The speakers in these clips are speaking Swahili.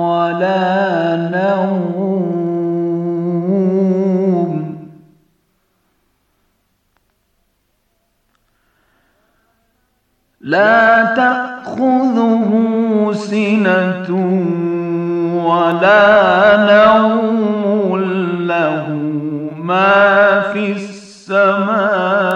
ولا نوم لا تأخذه سنة ولا نوم له ما في السماء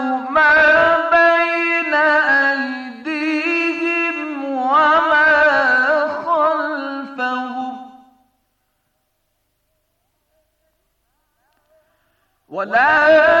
ولا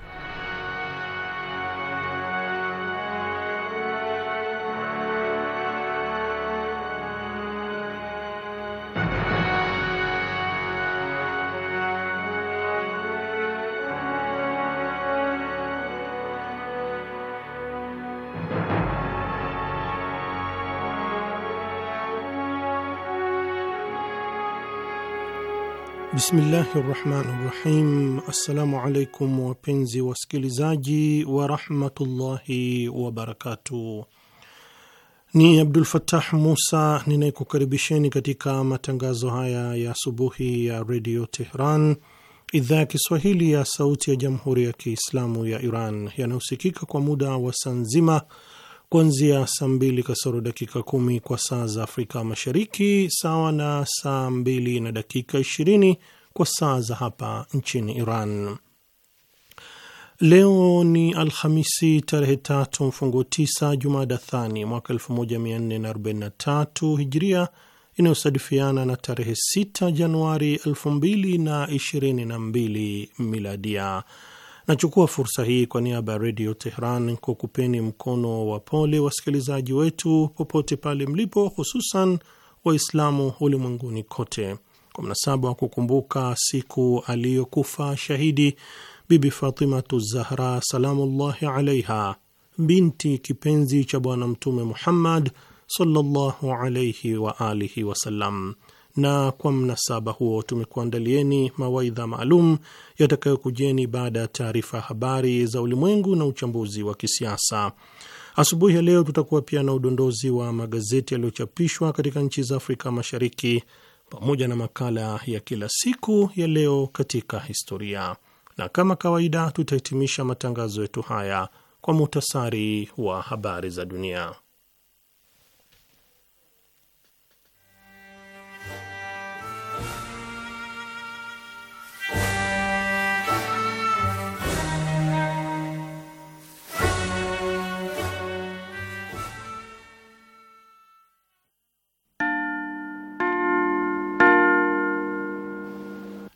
Bismillahi rahmani rahim. Assalamu alaikum wapenzi wasikilizaji warahmatullahi wabarakatuh. Ni Abdul Fattah Musa ninayekukaribisheni katika matangazo haya ya asubuhi ya redio Tehran, idhaa ya Kiswahili ya sauti ya jamhuri ya Kiislamu ya Iran, yanayosikika kwa muda wa saa nzima kuanzia saa mbili kasoro dakika kumi kwa saa za Afrika Mashariki, sawa na saa mbili na dakika ishirini kwa saa za hapa nchini Iran. Leo ni Alhamisi tarehe tatu mfungo tisa Jumada Thani mwaka elfu moja na tatu Hijria, inayosadifiana na tarehe sita Januari elfu mbili na na ishirini mbili Miladia. Nachukua fursa hii kwa niaba ya Redio Tehran kukupeni mkono wa pole wasikilizaji wetu popote pale mlipo, hususan Waislamu ulimwenguni kote kwa mnasaba wa kukumbuka siku aliyokufa shahidi Bibi Fatimatu Zahra salamullahi alaiha, binti kipenzi cha Bwana Mtume Muhammad sallallahu alaihi wa alihi wasallam na kwa mnasaba huo tumekuandalieni mawaidha maalum yatakayokujeni baada ya taarifa ya habari za ulimwengu na uchambuzi wa kisiasa. Asubuhi ya leo tutakuwa pia na udondozi wa magazeti yaliyochapishwa katika nchi za Afrika Mashariki pamoja na makala ya kila siku ya leo katika historia, na kama kawaida tutahitimisha matangazo yetu haya kwa muhtasari wa habari za dunia.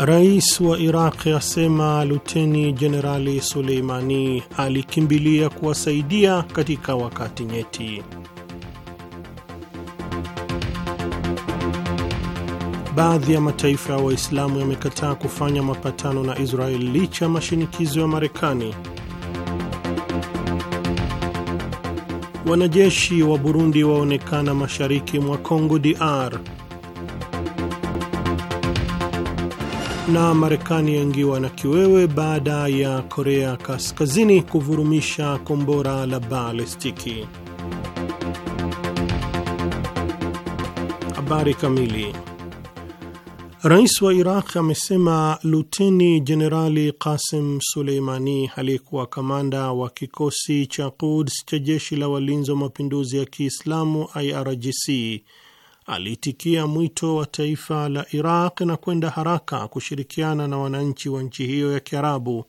Rais wa Iraq asema Luteni Jenerali Suleimani alikimbilia kuwasaidia katika wakati nyeti. Baadhi ya mataifa ya Waislamu yamekataa kufanya mapatano na israel licha ya mashinikizo ya Marekani. Wanajeshi wa Burundi waonekana mashariki mwa Congo DR. na Marekani yaingiwa na kiwewe baada ya Korea Kaskazini kuvurumisha kombora la balestiki. Habari kamili. Rais wa Iraq amesema Luteni Jenerali Qasim Suleimani aliyekuwa kamanda wa kikosi cha Quds cha jeshi la walinzi wa mapinduzi ya Kiislamu IRGC aliitikia mwito wa taifa la Iraq na kwenda haraka kushirikiana na wananchi wa nchi hiyo ya Kiarabu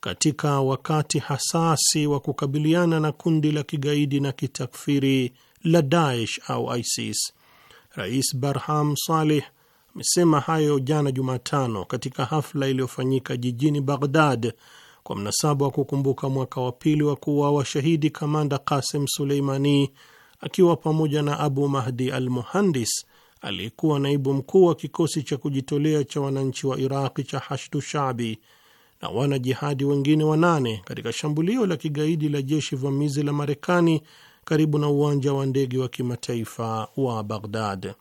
katika wakati hasasi wa kukabiliana na kundi la kigaidi na kitakfiri la Daesh au ISIS. Rais Barham Saleh amesema hayo jana Jumatano katika hafla iliyofanyika jijini Baghdad kwa mnasaba wa kukumbuka mwaka wa pili wa kuwa washahidi kamanda Qasim Suleimani akiwa pamoja na Abu Mahdi al Muhandis aliyekuwa naibu mkuu wa kikosi cha kujitolea cha wananchi wa Iraqi cha Hashdu Shabi na wanajihadi wengine wanane katika shambulio la kigaidi la jeshi vamizi la Marekani karibu na uwanja wa ndege wa kimataifa wa Baghdad.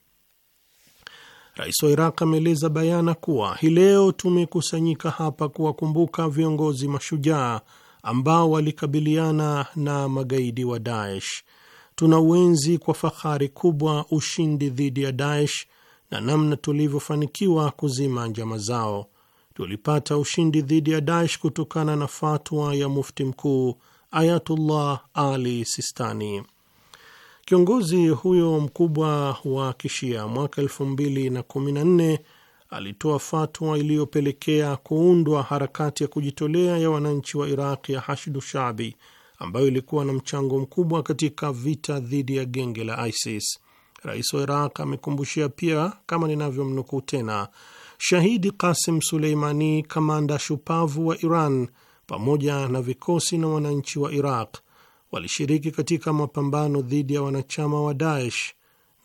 Rais wa Iraq ameeleza bayana kuwa hii leo tumekusanyika hapa kuwakumbuka viongozi mashujaa ambao walikabiliana na magaidi wa Daesh tuna uenzi kwa fahari kubwa ushindi dhidi ya Daesh na namna tulivyofanikiwa kuzima njama zao. Tulipata ushindi dhidi ya Daesh kutokana na fatwa ya mufti mkuu Ayatullah Ali Sistani. Kiongozi huyo mkubwa wa Kishia mwaka nne alitoa fatwa iliyopelekea kuundwa harakati ya kujitolea ya wananchi wa Iraq ya Hashdu Shabi ambayo ilikuwa na mchango mkubwa katika vita dhidi ya genge la ISIS. Rais wa Iraq amekumbushia pia, kama ninavyomnukuu tena, shahidi Qasim Suleimani, kamanda shupavu wa Iran, pamoja na vikosi na wananchi wa Iraq walishiriki katika mapambano dhidi ya wanachama wa Daesh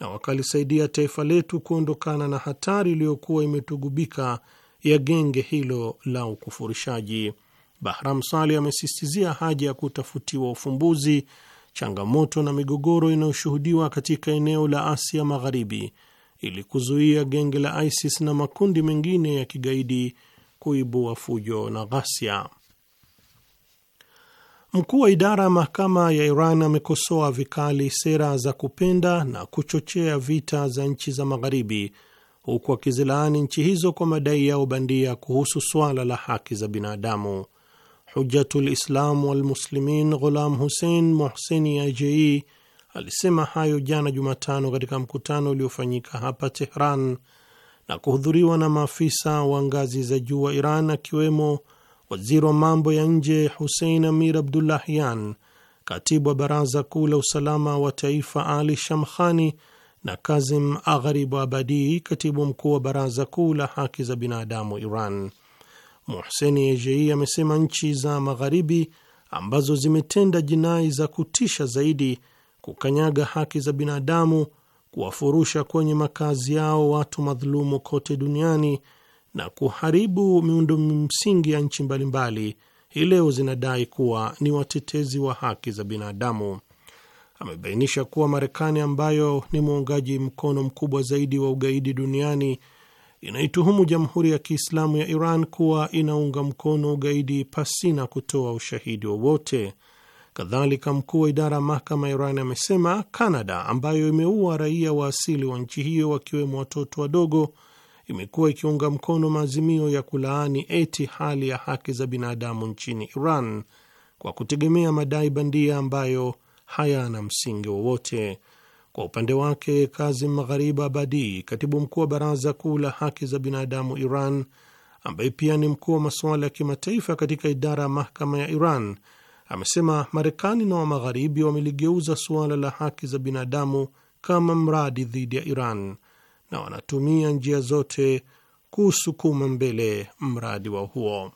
na wakalisaidia taifa letu kuondokana na hatari iliyokuwa imetugubika ya genge hilo la ukufurishaji. Bahram sali amesistizia haja ya kutafutiwa ufumbuzi changamoto na migogoro inayoshuhudiwa katika eneo la Asia Magharibi ili kuzuia genge la ISIS na makundi mengine ya kigaidi kuibua fujo na ghasia. Mkuu wa idara ya mahakama ya Iran amekosoa vikali sera za kupenda na kuchochea vita za nchi za Magharibi, huku akizilaani nchi hizo kwa madai yao bandia kuhusu swala la haki za binadamu. Hujatul Islam Walmuslimin Ghulam Hussein Mohseni Ajei e, alisema hayo jana Jumatano katika mkutano uliofanyika hapa Tehran na kuhudhuriwa na maafisa wa ngazi za juu wa Iran akiwemo waziri wa mambo ya nje Hussein Amir Abdullahyan, katibu wa baraza kuu la usalama wa taifa Ali Shamkhani na Kazim Agharib Abadi, katibu mkuu wa baraza kuu la haki za binadamu Iran. Muhseni Ejei amesema nchi za Magharibi ambazo zimetenda jinai za kutisha zaidi, kukanyaga haki za binadamu, kuwafurusha kwenye makazi yao watu madhulumu kote duniani na kuharibu miundo msingi ya nchi mbalimbali, hii leo zinadai kuwa ni watetezi wa haki za binadamu. Amebainisha kuwa Marekani ambayo ni muungaji mkono mkubwa zaidi wa ugaidi duniani inaituhumu Jamhuri ya Kiislamu ya Iran kuwa inaunga mkono ugaidi pasina kutoa ushahidi wowote. Kadhalika, mkuu wa idara ya mahakama ya Iran amesema Kanada, ambayo imeua raia wa asili wa nchi hiyo wakiwemo watoto wadogo, imekuwa ikiunga mkono maazimio ya kulaani eti hali ya haki za binadamu nchini Iran kwa kutegemea madai bandia ambayo hayana msingi wowote. Kwa upande wake, Kazim Magharibi Abadi, katibu mkuu wa Baraza Kuu la Haki za Binadamu Iran, ambaye pia ni mkuu wa masuala ya kimataifa katika idara ya mahakama ya Iran, amesema Marekani na Wamagharibi wameligeuza suala la haki za binadamu kama mradi dhidi ya Iran na wanatumia njia zote kusukuma mbele mradi wa huo.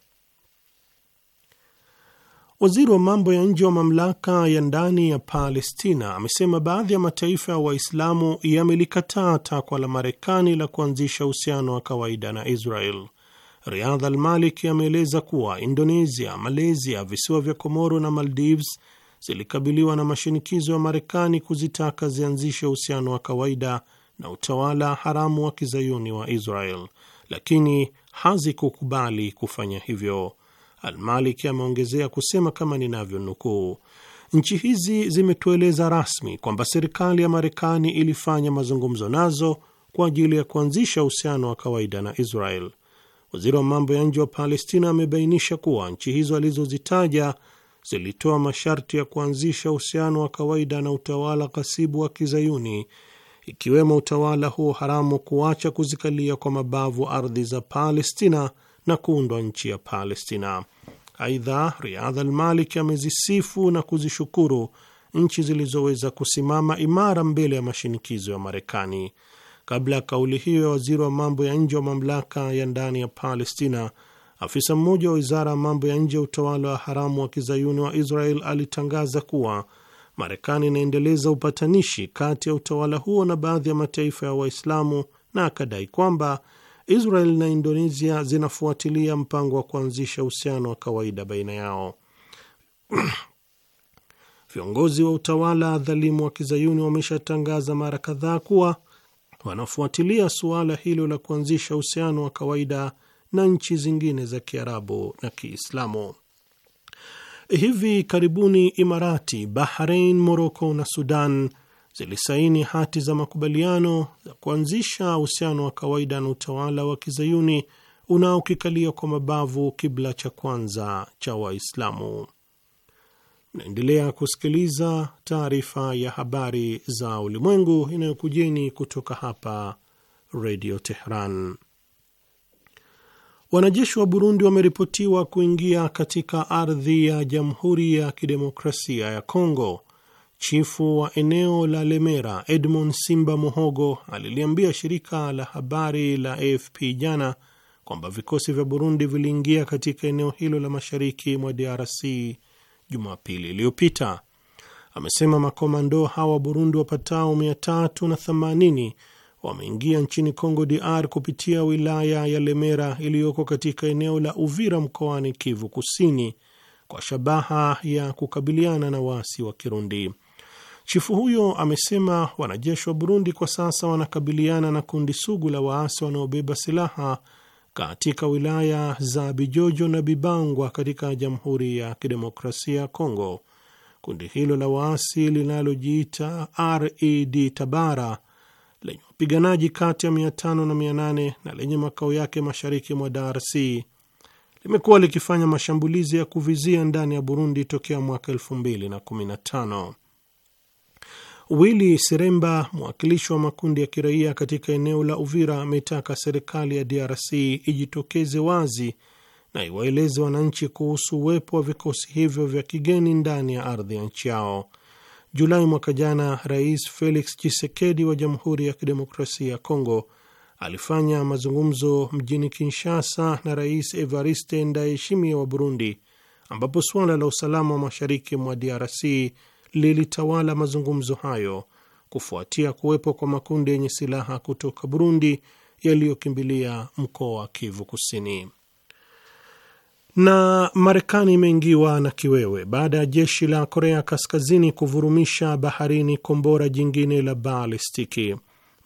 Waziri wa mambo ya nje wa mamlaka ya ndani ya Palestina amesema baadhi ya mataifa ya Waislamu yamelikataa takwa la Marekani la kuanzisha uhusiano wa kawaida na Israel. Riyadh al-Malik ameeleza kuwa Indonesia, Malaysia, visiwa vya Komoro na Maldives zilikabiliwa na mashinikizo ya Marekani kuzitaka zianzishe uhusiano wa kawaida na utawala haramu wa kizayuni wa Israel, lakini hazikukubali kufanya hivyo. Almaliki ameongezea kusema kama ninavyonukuu, nchi hizi zimetueleza rasmi kwamba serikali ya Marekani ilifanya mazungumzo nazo kwa ajili ya kuanzisha uhusiano wa kawaida na Israel. Waziri wa mambo ya nje wa Palestina amebainisha kuwa nchi hizo alizozitaja zilitoa masharti ya kuanzisha uhusiano wa kawaida na utawala ghasibu wa Kizayuni, ikiwemo utawala huo haramu kuacha kuzikalia kwa mabavu ardhi za Palestina na kuundwa nchi ya Palestina. Aidha, Riadha Almaliki amezisifu na kuzishukuru nchi zilizoweza kusimama imara mbele ya mashinikizo ya Marekani. Kabla ya kauli hiyo ya waziri wa mambo ya nje wa mamlaka ya ndani ya Palestina, afisa mmoja wa wizara ya mambo ya nje ya utawala wa haramu wa kizayuni wa Israel alitangaza kuwa Marekani inaendeleza upatanishi kati ya utawala huo na baadhi ya mataifa ya Waislamu, na akadai kwamba Israel na Indonesia zinafuatilia mpango wa kuanzisha uhusiano wa kawaida baina yao. Viongozi wa utawala dhalimu wa kizayuni wameshatangaza mara kadhaa kuwa wanafuatilia suala hilo la kuanzisha uhusiano wa kawaida na nchi zingine za kiarabu na Kiislamu. Hivi karibuni Imarati, bahrein Moroko na Sudan zilisaini hati za makubaliano za kuanzisha uhusiano wa kawaida na utawala wa kizayuni unaokikalia kwa mabavu kibla cha kwanza cha Waislamu. Naendelea kusikiliza taarifa ya habari za ulimwengu inayokujeni kutoka hapa Redio Tehran. Wanajeshi wa Burundi wameripotiwa kuingia katika ardhi ya Jamhuri ya Kidemokrasia ya Kongo Chifu wa eneo la Lemera Edmund Simba Mohogo aliliambia shirika la habari la AFP jana kwamba vikosi vya Burundi viliingia katika eneo hilo la mashariki mwa DRC Jumapili iliyopita. Amesema makomando hawa wa Burundi wapatao 380 wameingia nchini congo DR kupitia wilaya ya Lemera iliyoko katika eneo la Uvira mkoani Kivu Kusini kwa shabaha ya kukabiliana na waasi wa Kirundi. Chifu huyo amesema wanajeshi wa Burundi kwa sasa wanakabiliana na kundi sugu la waasi wanaobeba silaha katika wilaya za Bijojo na Bibangwa katika Jamhuri ya Kidemokrasia ya Kongo. Kundi hilo la waasi linalojiita Red Tabara lenye wapiganaji kati ya 500 na 800 na lenye makao yake mashariki mwa DRC limekuwa likifanya mashambulizi ya kuvizia ndani ya Burundi tokea mwaka 2015. Willy seremba mwakilishi wa makundi ya kiraia katika eneo la Uvira, ametaka serikali ya DRC ijitokeze wazi na iwaeleze wananchi kuhusu uwepo wa vikosi hivyo vya kigeni ndani ya ardhi ya nchi yao. Julai mwaka jana, Rais Felix Tshisekedi wa Jamhuri ya Kidemokrasia ya Kongo alifanya mazungumzo mjini Kinshasa na Rais Evariste Ndayishimiye wa Burundi, ambapo suala la usalama wa mashariki mwa DRC lilitawala mazungumzo hayo kufuatia kuwepo kwa makundi yenye silaha kutoka Burundi yaliyokimbilia mkoa wa Kivu Kusini. Na Marekani imeingiwa na kiwewe baada ya jeshi la Korea Kaskazini kuvurumisha baharini kombora jingine la balistiki.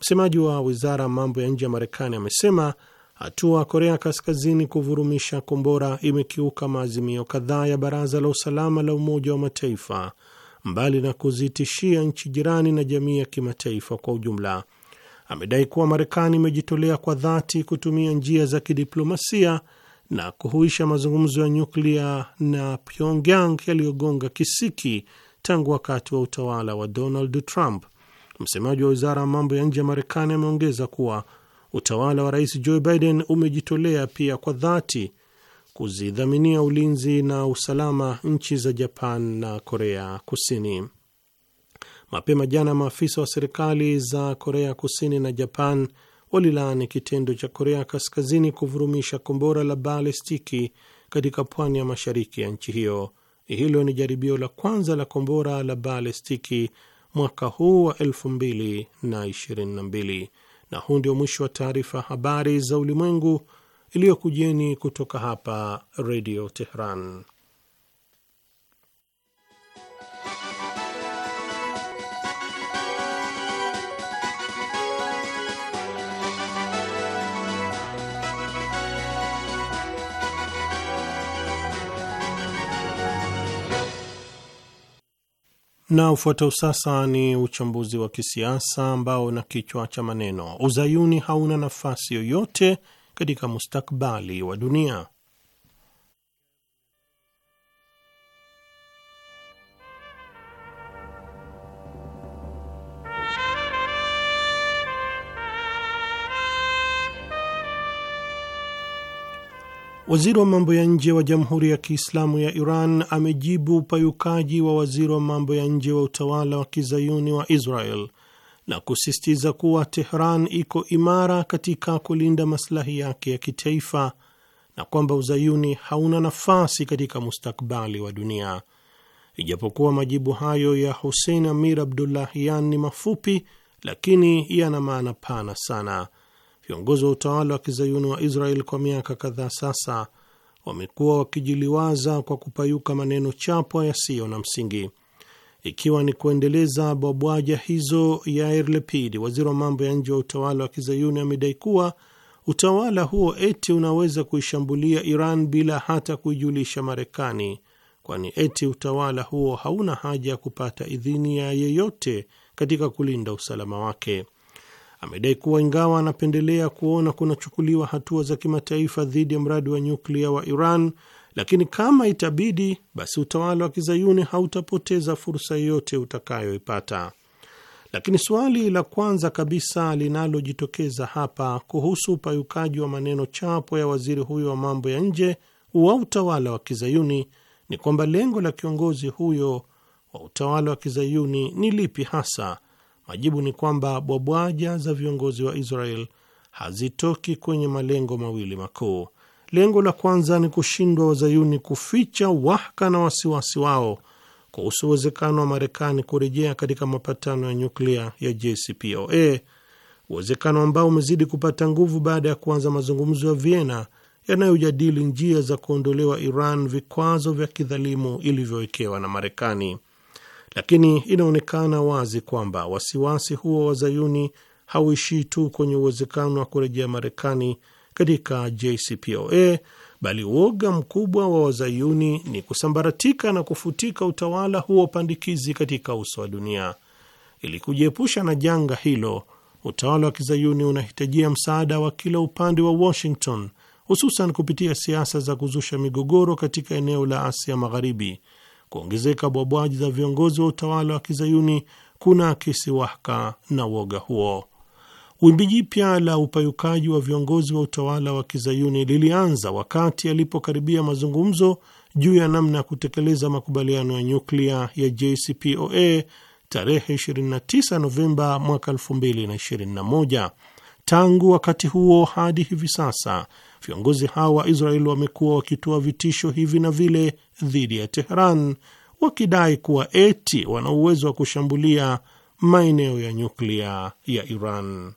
Msemaji wa wizara ya mambo ya nje ya Marekani amesema hatua Korea Kaskazini kuvurumisha kombora imekiuka maazimio kadhaa ya Baraza la Usalama la Umoja wa Mataifa mbali na kuzitishia nchi jirani na jamii ya kimataifa kwa ujumla. Amedai kuwa Marekani imejitolea kwa dhati kutumia njia za kidiplomasia na kuhuisha mazungumzo ya nyuklia na Pyongyang yaliyogonga kisiki tangu wakati wa utawala wa Donald Trump. Msemaji wa wizara ya mambo ya nje ya Marekani ameongeza kuwa utawala wa rais Joe Biden umejitolea pia kwa dhati kuzidhaminia ulinzi na usalama nchi za Japan na Korea Kusini. Mapema jana, maafisa wa serikali za Korea Kusini na Japan walilaani kitendo cha Korea Kaskazini kuvurumisha kombora la balistiki katika pwani ya mashariki ya nchi hiyo. Hilo ni jaribio la kwanza la kombora la balistiki mwaka huu wa 2022. Na huu ndio mwisho wa taarifa habari za ulimwengu iliyokujeni kutoka hapa Redio Tehran. Na ufuatao sasa ni uchambuzi wa kisiasa ambao na kichwa cha maneno uzayuni hauna nafasi yoyote katika mustakbali wa dunia. Waziri wa mambo ya nje wa Jamhuri ya Kiislamu ya Iran amejibu upayukaji wa waziri wa mambo ya nje wa utawala wa kizayuni wa Israel na kusisitiza kuwa Tehran iko imara katika kulinda maslahi yake ya kitaifa na kwamba uzayuni hauna nafasi katika mustakbali wa dunia. Ijapokuwa majibu hayo ya Hussein Amir Abdullahian ni mafupi, lakini yana maana pana sana. Viongozi wa utawala wa kizayuni wa Israel kwa miaka kadhaa sasa wamekuwa wakijiliwaza kwa kupayuka maneno chapwa yasiyo na msingi ikiwa ni kuendeleza bwabwaja hizo Yair Lapid, waziri wa mambo ya nje wa utawala wa kizayuni, amedai kuwa utawala huo eti unaweza kuishambulia Iran bila hata kuijulisha Marekani, kwani eti utawala huo hauna haja ya kupata idhini ya yeyote katika kulinda usalama wake. Amedai kuwa ingawa anapendelea kuona kunachukuliwa hatua za kimataifa dhidi ya mradi wa nyuklia wa Iran lakini kama itabidi, basi utawala wa kizayuni hautapoteza fursa yoyote utakayoipata. Lakini suali la kwanza kabisa linalojitokeza hapa kuhusu upayukaji wa maneno chapo ya waziri huyo wa mambo ya nje wa utawala wa kizayuni ni kwamba lengo la kiongozi huyo wa utawala wa kizayuni ni lipi hasa? Majibu ni kwamba bwabwaja za viongozi wa Israel hazitoki kwenye malengo mawili makuu. Lengo la kwanza ni kushindwa wazayuni kuficha wahaka na wasiwasi wao kuhusu uwezekano wa Marekani kurejea katika mapatano ya nyuklia ya JCPOA, uwezekano ambao umezidi kupata nguvu baada ya kuanza mazungumzo ya Vienna yanayojadili njia za kuondolewa Iran vikwazo vya kidhalimu ilivyowekewa na Marekani. Lakini inaonekana wazi kwamba wasiwasi huo wa Zayuni hauishii tu kwenye uwezekano wa kurejea Marekani katika JCPOA, bali uoga mkubwa wa wazayuni ni kusambaratika na kufutika utawala huo pandikizi katika uso wa dunia. Ili kujiepusha na janga hilo, utawala wa kizayuni unahitajia msaada wa kila upande wa Washington, hususan kupitia siasa za kuzusha migogoro katika eneo la Asia Magharibi. Kuongezeka bwabwaji za viongozi wa utawala wa kizayuni kuna akisi wahaka na woga huo. Wimbi jipya la upayukaji wa viongozi wa utawala wa kizayuni lilianza wakati alipokaribia mazungumzo juu ya namna ya kutekeleza makubaliano ya nyuklia ya JCPOA tarehe 29 Novemba mwaka 2021. Tangu wakati huo hadi hivi sasa viongozi hao wa Israel wamekuwa wakitoa vitisho hivi na vile dhidi ya Tehran, wakidai kuwa eti wana uwezo wa kushambulia maeneo ya nyuklia ya Iran.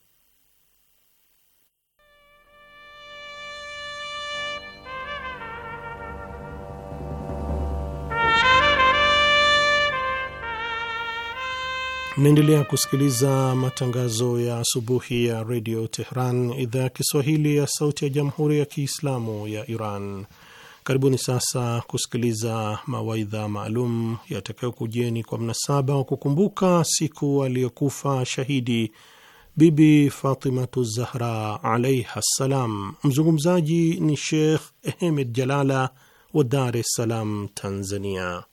Mnaendelea kusikiliza matangazo ya asubuhi ya redio Tehran, idhaa ya Kiswahili ya sauti ya jamhuri ya Kiislamu ya Iran. Karibuni sasa kusikiliza mawaidha maalum yatakayokujeni kwa mnasaba wa kukumbuka siku aliyokufa shahidi Bibi Fatimatu Zahra alaiha ssalam. Mzungumzaji ni Sheikh Ehmed Jalala wa Dar es Salaam, Tanzania.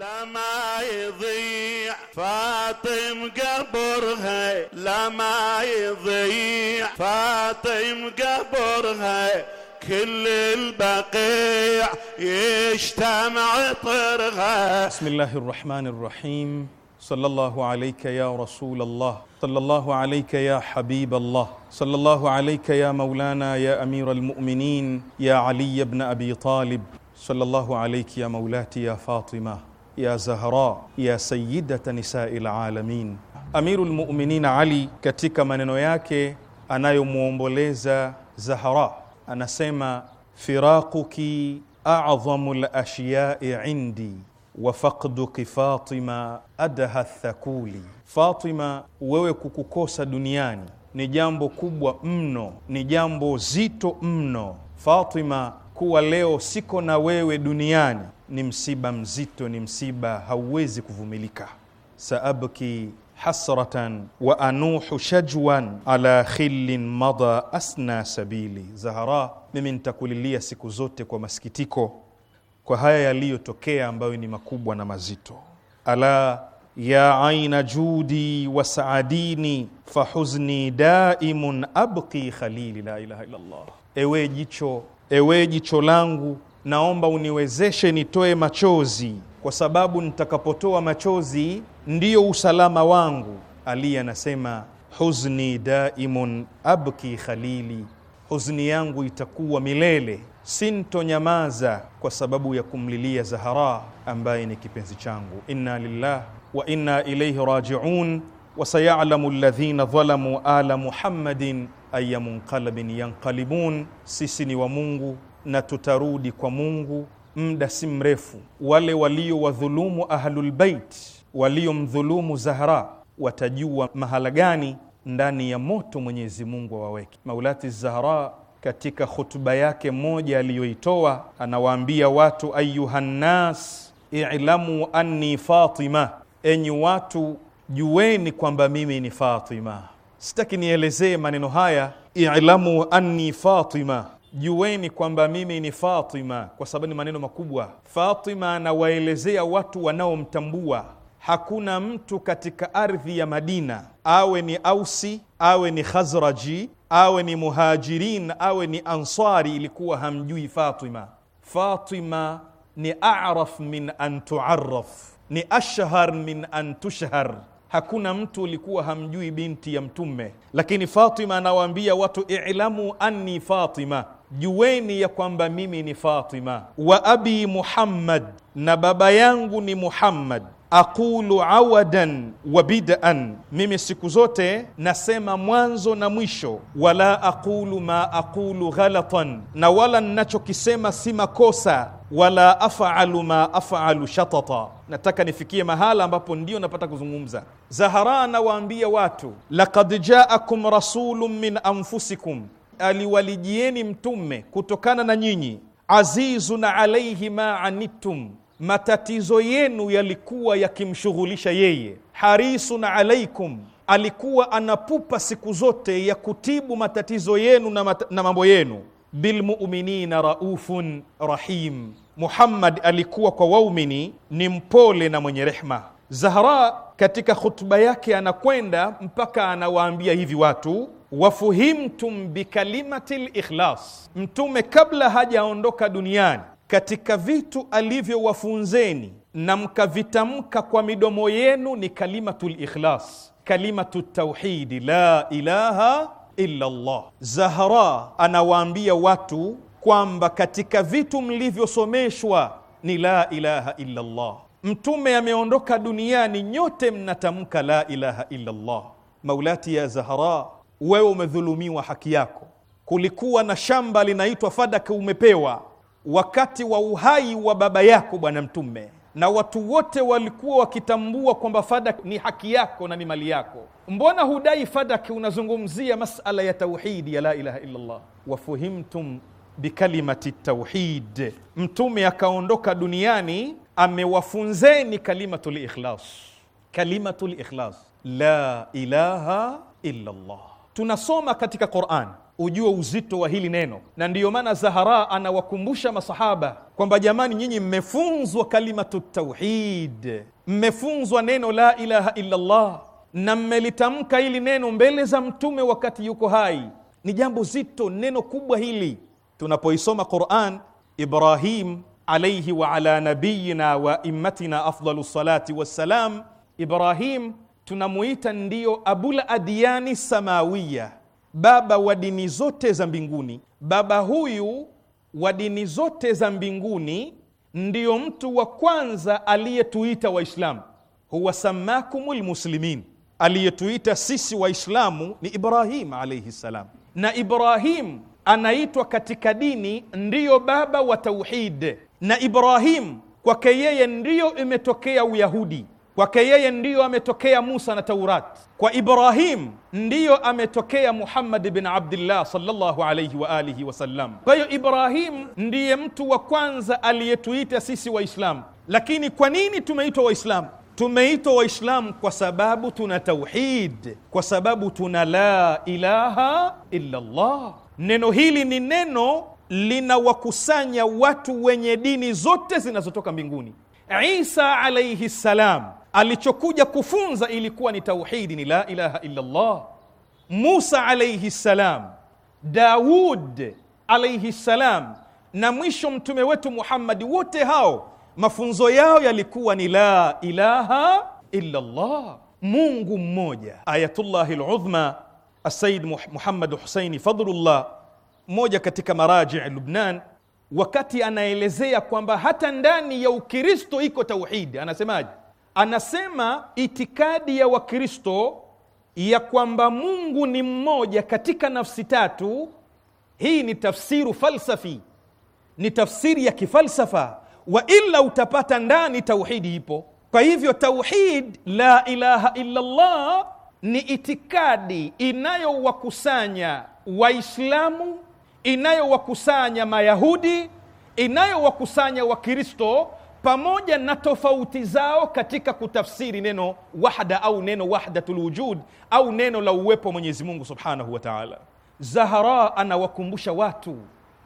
لا ما يضيع فاطم قبرها لا ما يضيع فاطم قبرها كل البقيع يجتمع طرها بسم الله الرحمن الرحيم صلى الله عليك يا رسول الله صلى الله عليك يا حبيب الله صلى الله عليك يا مولانا يا امير المؤمنين يا علي بن ابي طالب صلى الله عليك يا مولاتي يا فاطمه ya Zahra ya sayyidata nisai lalamin. Amiru lmuminin Ali katika maneno yake anayomwomboleza Zahra anasema, firaquki adhamu lashyai indi wa faqduki Fatima adha thakuli. Fatima, wewe kukukosa duniani ni jambo kubwa mno, ni jambo zito mno. Fatima, kuwa leo siko na wewe duniani ni msiba mzito, ni msiba hauwezi kuvumilika. saabki hasratan wa anuhu shajwan ala khillin madha asna sabili Zahara, mimi nitakulilia siku zote kwa masikitiko kwa haya yaliyotokea ambayo ni makubwa na mazito. ala ya aina judi wa saadini fahuzni daimun abki khalili la ilaha illallah. Ewe jicho, ewe jicho langu naomba uniwezeshe nitoe machozi, kwa sababu nitakapotoa machozi ndiyo usalama wangu. Ali anasema huzni daimun abki khalili, huzni yangu itakuwa milele, sintonyamaza kwa sababu ya kumlilia Zahara ambaye ni kipenzi changu. Inna lillah wa inna ilaihi rajiun wa sayalamu ladhina dhalamu ala muhammadin aya munqalabin yanqalibun, sisi ni wa Mungu na tutarudi kwa Mungu muda si mrefu. Wale walio wadhulumu Ahlulbeit, waliomdhulumu Zahra, watajua mahala gani ndani ya moto Mwenyezi Mungu awaweke. Maulati Zahra katika khutuba yake moja aliyoitoa anawaambia watu, ayuhannas ilamu anni Fatima, enyi watu jueni kwamba mimi ni Fatima. Sitaki nielezee maneno haya, ilamu anni Fatima Jueni kwamba mimi ni Fatima, kwa sababu ni maneno makubwa. Fatima anawaelezea watu wanaomtambua. Hakuna mtu katika ardhi ya Madina, awe ni Ausi, awe ni Khazraji, awe ni Muhajirin, awe ni Ansari, ilikuwa hamjui Fatima. Fatima ni araf min an tuaraf, ni ashhar min an tushhar hakuna mtu ulikuwa hamjui binti ya Mtume, lakini Fatima anawaambia watu ilamu anni Fatima, jueni ya kwamba mimi ni Fatima wa abi Muhammad, na baba yangu ni Muhammad aqulu awadan wa bid'an, mimi siku zote nasema mwanzo na mwisho. Wala aqulu ma aqulu ghalatan, na wala ninachokisema si makosa. Wala afalu ma afalu shatata, nataka nifikie mahala ambapo ndio napata kuzungumza. Zahara anawaambia watu, laqad jaakum rasulun min anfusikum, aliwalijieni mtume kutokana na nyinyi, azizun alaihi ma anittum matatizo yenu yalikuwa yakimshughulisha yeye. Harisun alaikum, alikuwa anapupa siku zote ya kutibu matatizo yenu na, mat na mambo yenu. Bilmuminina raufun rahim, Muhammad alikuwa kwa waumini ni mpole na mwenye rehma. Zahra katika khutba yake anakwenda mpaka anawaambia hivi watu wafuhimtum bikalimati likhlas. Mtume kabla hajaondoka duniani katika vitu alivyowafunzeni na mkavitamka kwa midomo yenu ni kalimatu likhlas, kalimatu tauhidi, la ilaha illa Allah. Zahara anawaambia watu kwamba katika vitu mlivyosomeshwa ni la ilaha illa Allah. Mtume ameondoka duniani, nyote mnatamka la ilaha illa Allah. Maulati ya Zahara, wewe umedhulumiwa haki yako. Kulikuwa na shamba linaitwa Fadak, umepewa wakati wa uhai wa baba yako Bwana Mtume, na watu wote walikuwa wakitambua kwamba fadak ni haki yako na ni mali yako. Mbona hudai fadak? Unazungumzia masala ya tauhidi ya la ilaha illallah. Wafuhimtum bikalimati tauhid, Mtume akaondoka duniani amewafunzeni kalimatul likhlas kalimatul ikhlas, la ilaha illallah. Tunasoma katika Qurani ujue uzito wa hili neno, na ndiyo maana Zahara anawakumbusha masahaba kwamba jamani, nyinyi mmefunzwa kalimatu tauhid, mmefunzwa neno la ilaha illa Allah, na mmelitamka hili neno mbele za mtume wakati yuko hai. Ni jambo zito, neno kubwa hili. Tunapoisoma Quran, Ibrahim alaihi wa ala nabiyina wa immatina afdalu salati wassalam, Ibrahim tunamuita ndiyo abul adiyani samawiya baba wa dini zote za mbinguni. Baba huyu wa dini zote za mbinguni ndiyo mtu wa kwanza aliyetuita Waislamu, huwa samakum lmuslimin. Aliyetuita sisi Waislamu ni Ibrahim alaihi ssalam, na Ibrahim anaitwa katika dini ndiyo baba wa tauhid, na Ibrahim kwake yeye ndiyo imetokea Uyahudi. Kwake yeye ndiyo ametokea Musa na Taurat, kwa Ibrahim ndiyo ametokea Muhammad bin Abdillah sallallahu alayhi wa alihi wasallam. Kwa hiyo Ibrahim ndiye mtu wa kwanza aliyetuita sisi Waislamu. Lakini kwa nini tumeitwa Waislamu? Tumeitwa Waislamu kwa sababu tuna tauhid, kwa sababu tuna la ilaha illa Neno hili ni neno linawakusanya watu wenye dini zote zinazotoka mbinguni. Isa alaihi ssalam alichokuja kufunza ilikuwa ni tauhidi, ni la ilaha illa Allah. Musa alaihi salam Daud alaihi salam na mwisho mtume wetu Muhammadi, wote hao mafunzo yao yalikuwa ni la ilaha illa llah, Mungu mmoja. Ayatullahi ludhma Asayid Muhammad Husaini Fadhlullah, mmoja katika marajii Lubnan, wakati anaelezea kwamba hata ndani ya Ukristo iko tauhidi, anasemaje? anasema itikadi ya Wakristo ya kwamba Mungu ni mmoja katika nafsi tatu. Hii ni tafsiru falsafi, ni tafsiri ya kifalsafa, wa ila utapata ndani tauhidi ipo. Kwa hivyo tauhid, la ilaha illa ni itikadi inayowakusanya Waislamu, inayowakusanya Mayahudi, inayowakusanya Wakristo pamoja na tofauti zao katika kutafsiri neno wahda au neno wahdatul wujud au neno la uwepo wa Mwenyezi Mungu subhanahu wa taala. Zahara anawakumbusha watu,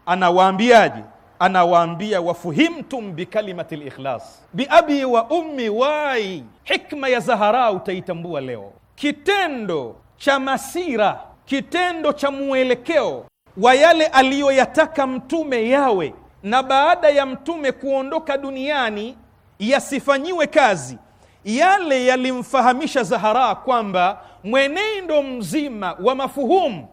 anawaambiaje? Anawaambia, wafuhimtum bikalimati likhlas biabi wa ummi wai. Hikma ya Zahara utaitambua leo. Kitendo cha masira, kitendo cha mwelekeo wa yale aliyoyataka Mtume yawe na baada ya mtume kuondoka duniani yasifanyiwe kazi yale yalimfahamisha Zahara kwamba mwenendo mzima wa mafuhumu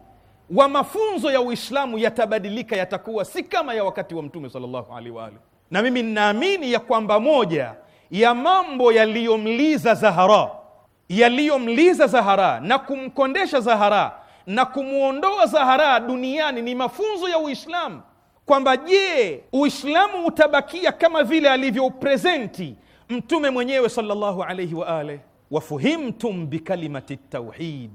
wa mafunzo ya Uislamu yatabadilika, yatakuwa si kama ya wakati wa Mtume sallallahu alaihi wa alihi. Na mimi ninaamini ya kwamba moja ya mambo yaliyomliza Zahara, yaliyomliza Zahara na kumkondesha Zahara na kumwondoa Zahara duniani ni mafunzo ya Uislamu kwamba je, Uislamu utabakia kama vile alivyouprezenti Mtume mwenyewe sallallahu alaihi wa ale wafuhimtum bikalimati tauhid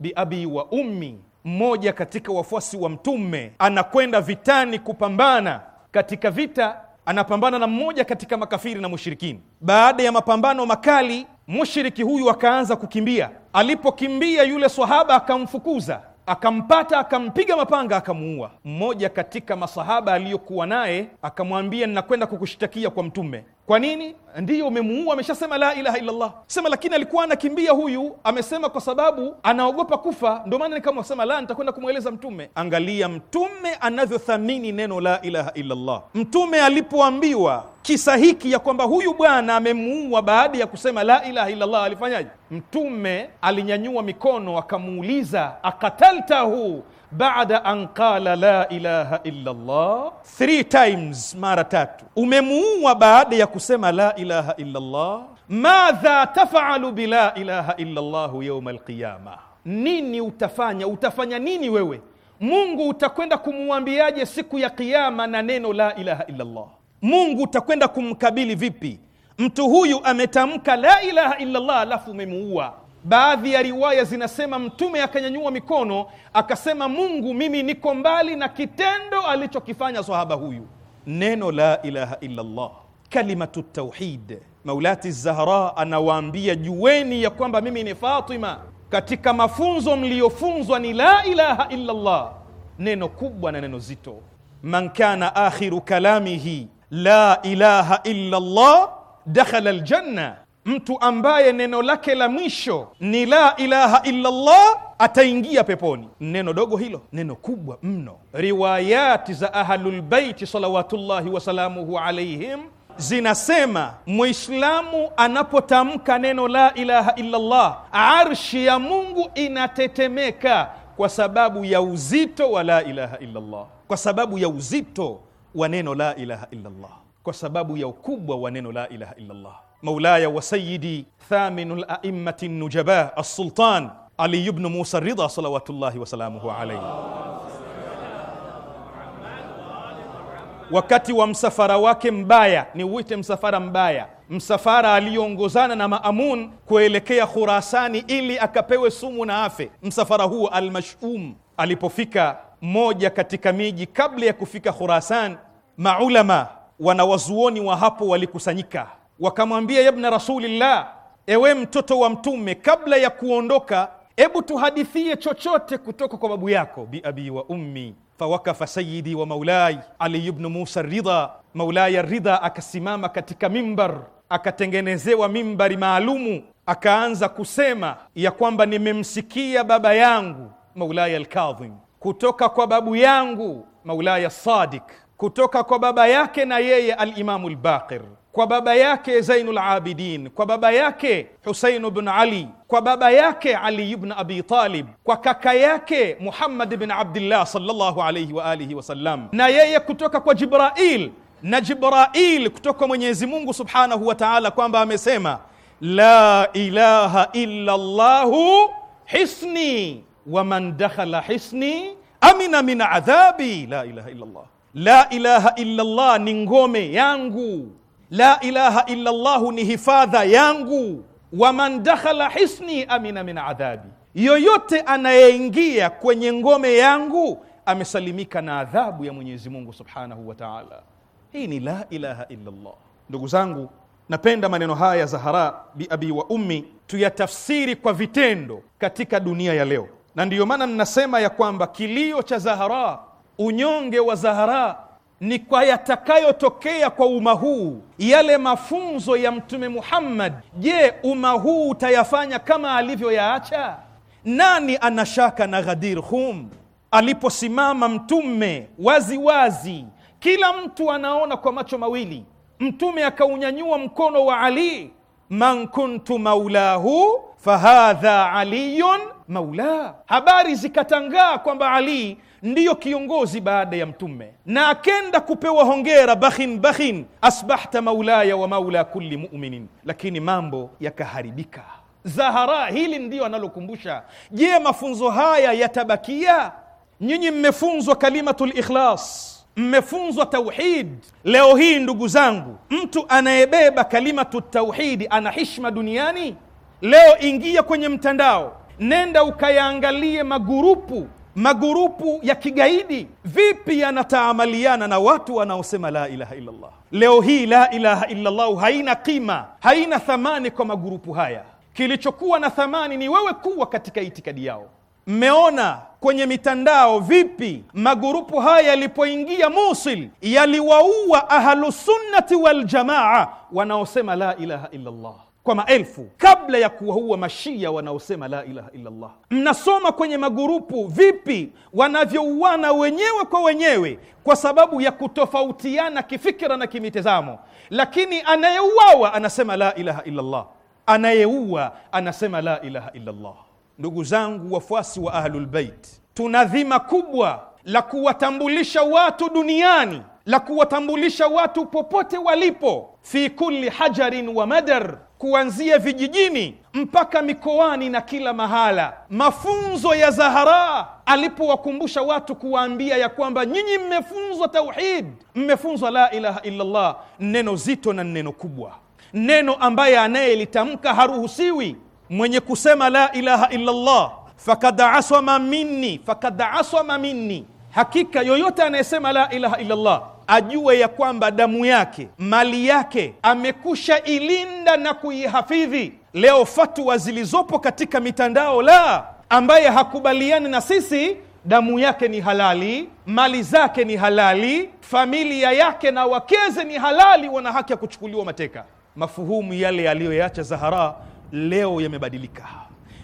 biabi wa ummi. Mmoja katika wafuasi wa Mtume anakwenda vitani kupambana katika vita, anapambana na mmoja katika makafiri na mushirikini. Baada ya mapambano makali, mushiriki huyu akaanza kukimbia. Alipokimbia, yule swahaba akamfukuza akampata akampiga mapanga akamuua. Mmoja katika masahaba aliyokuwa naye akamwambia, ninakwenda kukushtakia kwa Mtume. Kwa nini? Ndiyo, umemuua, ameshasema la ilaha illallah. Sema lakini alikuwa anakimbia huyu, amesema kwa sababu anaogopa kufa, ndio maana kama sema la, nitakwenda kumweleza Mtume. Angalia mtume anavyothamini neno la ilaha illallah. Mtume alipoambiwa kisa hiki ya kwamba huyu bwana amemuua baada ya kusema la ilaha illallah, alifanyaje? Mtume alinyanyua mikono akamuuliza, akataltahu baada an qala la ilaha illa Allah three times, mara tatu. Umemuua baada ya kusema la ilaha illa Allah. Madha tafalu bila ilaha illa Allah yauma alqiyama, nini utafanya? Utafanya nini wewe? Mungu utakwenda kumwambiaje siku ya Kiyama na neno la ilaha illa Allah? Mungu utakwenda kumkabili vipi? Mtu huyu ametamka la ilaha illa Allah alafu umemuua Baadhi ya riwaya zinasema Mtume akanyanyua mikono akasema, Mungu mimi niko mbali na kitendo alichokifanya sahaba huyu. Neno la ilaha illallah kalimatu tauhid. Maulati Zahra anawaambia jueni ya kwamba mimi ni Fatima, katika mafunzo mliyofunzwa ni la ilaha illallah neno kubwa na neno zito. Man kana akhiru kalamihi la ilaha illa llah dakhala ljanna Mtu ambaye neno lake la mwisho ni la ilaha illallah ataingia peponi. Neno dogo hilo, neno kubwa mno. Riwayati za Ahlulbeiti salawatullahi wasalamuhu alaihim zinasema Mwislamu anapotamka neno la ilaha illallah, arshi ya Mungu inatetemeka kwa sababu ya uzito wa la ilaha illallah, kwa sababu ya uzito wa neno la ilaha illallah, kwa sababu ya ukubwa wa neno la ilaha illallah. مولاي وسيدي ثامن الأئمة النجباء السلطان علي بن موسى الرضا صلوات الله وسلامه عليه wakati wa msafara wake mbaya ni uite msafara mbaya msafara aliyoongozana na maamun kuelekea khurasani ili akapewe sumu na afe msafara huo almashum alipofika moja katika miji kabla ya kufika khurasan maulama wanawazuoni wa hapo walikusanyika wakamwambia yabna rasulillah, ewe mtoto wa Mtume, kabla ya kuondoka, hebu tuhadithie chochote kutoka kwa babu yako. biabi wa ummi fawakafa sayidi wa maulai Ali Musa Ridha. Maulaya Ridha akasimama katika mimbar, akatengenezewa mimbari maalumu, akaanza kusema ya kwamba nimemsikia baba yangu Maulaya Alkadhim kutoka kwa babu yangu Maulaya Sadik kutoka kwa baba yake na yeye Alimamu Lbaqir, kwa baba yake Zainul Abidin, kwa baba yake Huseinu bn Ali, kwa baba yake Ali bn Abi Talib, kwa kaka yake Muhammad bn Abdillah sallallahu alayhi wa alihi wasallam, na yeye kutoka kwa Jibrail na Jibrail kutoka kwa Mwenyezi Mungu subhanahu wa taala, kwamba amesema la ilaha illa llahu hisni wa man dakhala hisni amina min adhabi la ilaha illa llah la ilaha illallah ni ngome yangu, la ilaha illallahu ni hifadha yangu. wa man dakhala hisni amina min adhabi, yoyote anayeingia kwenye ngome yangu amesalimika na adhabu ya Mwenyezi Mungu subhanahu wa taala. Hii ni la ilaha illallah. Ndugu zangu, napenda maneno haya ya Zahara bi abi wa ummi tuyatafsiri kwa vitendo katika dunia ya leo, na ndiyo maana ninasema ya kwamba kilio cha Zahara unyonge wa Zahara ni kwa yatakayotokea kwa umma huu, yale mafunzo ya Mtume Muhammad. Je, umma huu utayafanya kama alivyoyaacha? Nani anashaka na Ghadir Khum? Aliposimama Mtume waziwazi wazi, kila mtu anaona kwa macho mawili, Mtume akaunyanyua mkono wa Ali man kuntu maulahu fahadha aliyun maula. Habari zikatangaa kwamba Ali ndiyo kiongozi baada ya Mtume, na akenda kupewa hongera, bakhin bakhin, asbahta maulaya wa maula kulli muminin. Lakini mambo yakaharibika. Zahara hili ndiyo analokumbusha. Je, mafunzo haya yatabakia? Nyinyi mmefunzwa kalimatu likhlas mmefunzwa tauhid. Leo hii ndugu zangu, mtu anayebeba kalimatu tauhidi ana hishma duniani. Leo ingia kwenye mtandao, nenda ukayaangalie magurupu magurupu ya kigaidi, vipi yanataamaliana na watu wanaosema la ilaha illallah. Leo hii la ilaha illallahu haina qima, haina thamani kwa magurupu haya. Kilichokuwa na thamani ni wewe kuwa katika itikadi yao. Mmeona kwenye mitandao vipi magurupu haya yalipoingia Mosul yaliwaua ahlusunnati waljamaa wanaosema la ilaha illallah kwa maelfu kabla ya kuwaua mashia wanaosema la ilaha illallah. Mnasoma kwenye magurupu vipi wanavyouana wenyewe kwa wenyewe kwa sababu ya kutofautiana kifikira na kimitazamo, lakini anayeuawa anasema la ilaha illallah, anayeua anasema la ilaha illallah. Ndugu zangu wafuasi wa Ahlulbeit, tuna dhima kubwa la kuwatambulisha watu duniani, la kuwatambulisha watu popote walipo, fi kulli hajarin wa madar, kuanzia vijijini mpaka mikoani na kila mahala. Mafunzo ya Zahara alipowakumbusha watu kuwaambia ya kwamba nyinyi mmefunzwa tauhid, mmefunzwa la ilaha illallah, neno zito na neno kubwa, neno ambaye anayelitamka haruhusiwi mwenye kusema la ilaha illa fakad aswama minni, fakad aswama minni, hakika yoyote anayesema la ilaha illa ajue ya kwamba damu yake mali yake amekusha ilinda na kuihafidhi. Leo fatwa zilizopo katika mitandao, la ambaye hakubaliani na sisi damu yake ni halali, mali zake ni halali, familia yake na wakeze ni halali, wana haki ya kuchukuliwa mateka. Mafuhumu yale aliyoyaacha Zahara leo yamebadilika.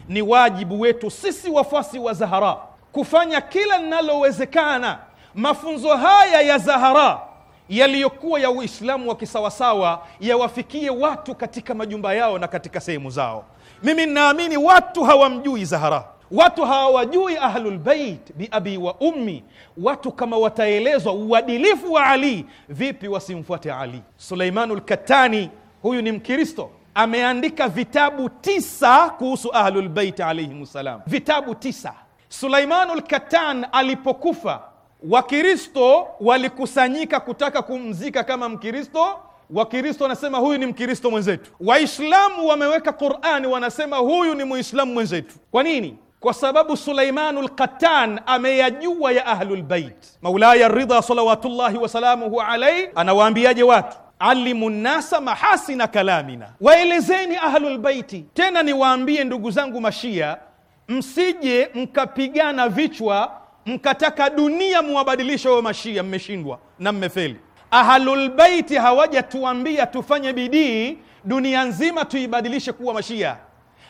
Ni wajibu wetu sisi wafuasi wa Zahara kufanya kila linalowezekana mafunzo haya ya Zahara yaliyokuwa ya Uislamu wa kisawasawa yawafikie watu katika majumba yao na katika sehemu zao. Mimi ninaamini watu hawamjui Zahara, watu hawawajui Ahlulbeit biabi wa ummi. Watu kama wataelezwa uadilifu wa Ali, vipi wasimfuate Ali? suleimanu Lkatani, huyu ni Mkristo ameandika vitabu tisa kuhusu Ahlulbeiti alaihim ssalam, vitabu tisa. Sulaimanu lkatan alipokufa, Wakristo walikusanyika kutaka kumzika kama Mkristo. Wakristo wanasema huyu ni Mkristo mwenzetu, Waislamu wameweka Qurani wanasema huyu ni Muislamu mwenzetu. Kwa nini? Kwa sababu Sulaimanu lkatan ameyajua ya Ahlulbeit. Maulaya Ridha salawatullahi wasalamuhu alaihi anawaambiaje watu alimu nnasa mahasina kalamina, waelezeni ahlulbaiti. Tena niwaambie ndugu zangu Mashia, msije mkapigana vichwa mkataka dunia muwabadilisha wa Mashia. Mmeshindwa na mmefeli. Ahlulbaiti hawajatuambia tufanye bidii dunia nzima tuibadilishe kuwa Mashia.